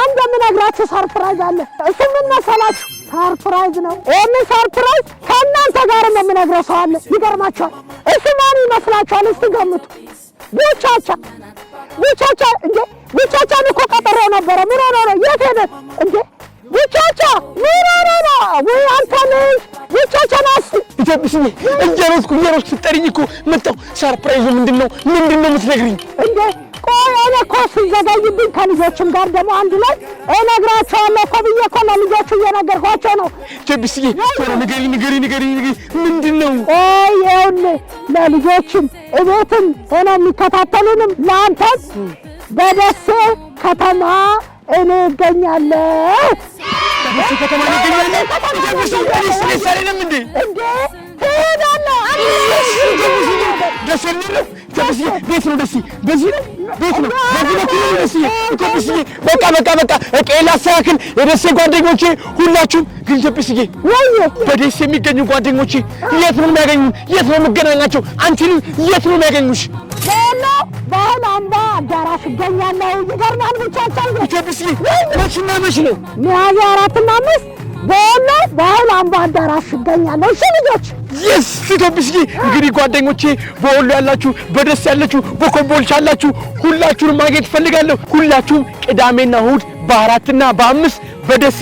አንድ የምነግራችሁ ሰርፕራይዝ አለ። እሱ ምን መሰላችሁ? ሰርፕራይዝ ነው። ይህንን ሰርፕራይዝ ከእናንተ ጋር የምነግረው ሰው አለ። ይገርማችኋል። እሱ ማን ይመስላችኋል? እስቲ ገምቱ። ቡቻቻ ቡቻቻ። እንዴ ቡቻቻን እኮ ቀጠረው ነበረ። ምን ሆነ ነው? የት ሄደ? እንዴ ቡቻቻ ምን ሆነ ነው? ወይ አንተ ነህ ብትወብስኝ እየሮጥኩ እየሮጥኩ እኮ መጣሁ። ሰርፕራይዙ ምንድን ነው? ምንድን ነው የምትነግሪኝ? እንደ ቆይ እኔ እኮ ከልጆችም ጋር ደግሞ አንድ ላይ እነግራቸዋለሁ እኮ ብዬ እኮ ለልጆቹ እየነገርኳቸው ነው። ብስዬ ንገሪኝ ንገሪኝ ንገሪኝ ምንድን ነው? ቆይ ይኸውልህ ለልጆችም እቤትም የሚከታተሉንም ለአንተም በደሴ ከተማ እኔ እገኛለሁ። በደሴ ከተማ እገኛለሁ። ደስ የሚልህ ከብስዬ ቤት ነው። በቃ በቃ በቃ እቃ ላስተካክል። የደሴ ጓደኞቼ ሁላችሁም ግንጀ ብስዬ በደሴ የሚገኙ ጓደኞቼ የት ነው የሚያገኙ? የት ነው የምገናኛቸው? አንቺንም የት ነው የሚያገኙሽ? ሌሎ ባህል አምባ አዳራሽ ይገኛለሁ። ይገርማል። ብቻ ብስዬ መችና መች ነው ሚያዝያ አራትና አምስት በአምባ አዳራሽ ይገኛለሁ። እሺ ልጆች የስ ኢትዮጲስዬ እንግዲህ ጓደኞቼ፣ በወሎ ያላችሁ፣ በደስ ያላችሁ፣ በኮምቦልቻ ያላችሁ ሁላችሁንም ማግኘት እፈልጋለሁ። ሁላችሁም ቅዳሜና እሑድ በአራትና በአምስት በደሴ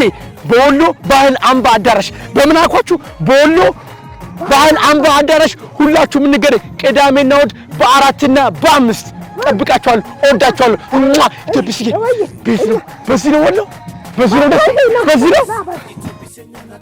በወሎ ባህል አምባ አዳራሽ በምን በወሎ ባህል አምባ አዳራሽ ሁላችሁም እንገናኝ። ቅዳሜና እሑድ በአራትና በአምስት ጠብቃችኋለሁ። እወዳችኋለሁ። ኢትዮጲስዬ ቤት ነው። በዚህ ነው ወሎ፣ በዚህ ነው ደሴ፣ በዚህ ነው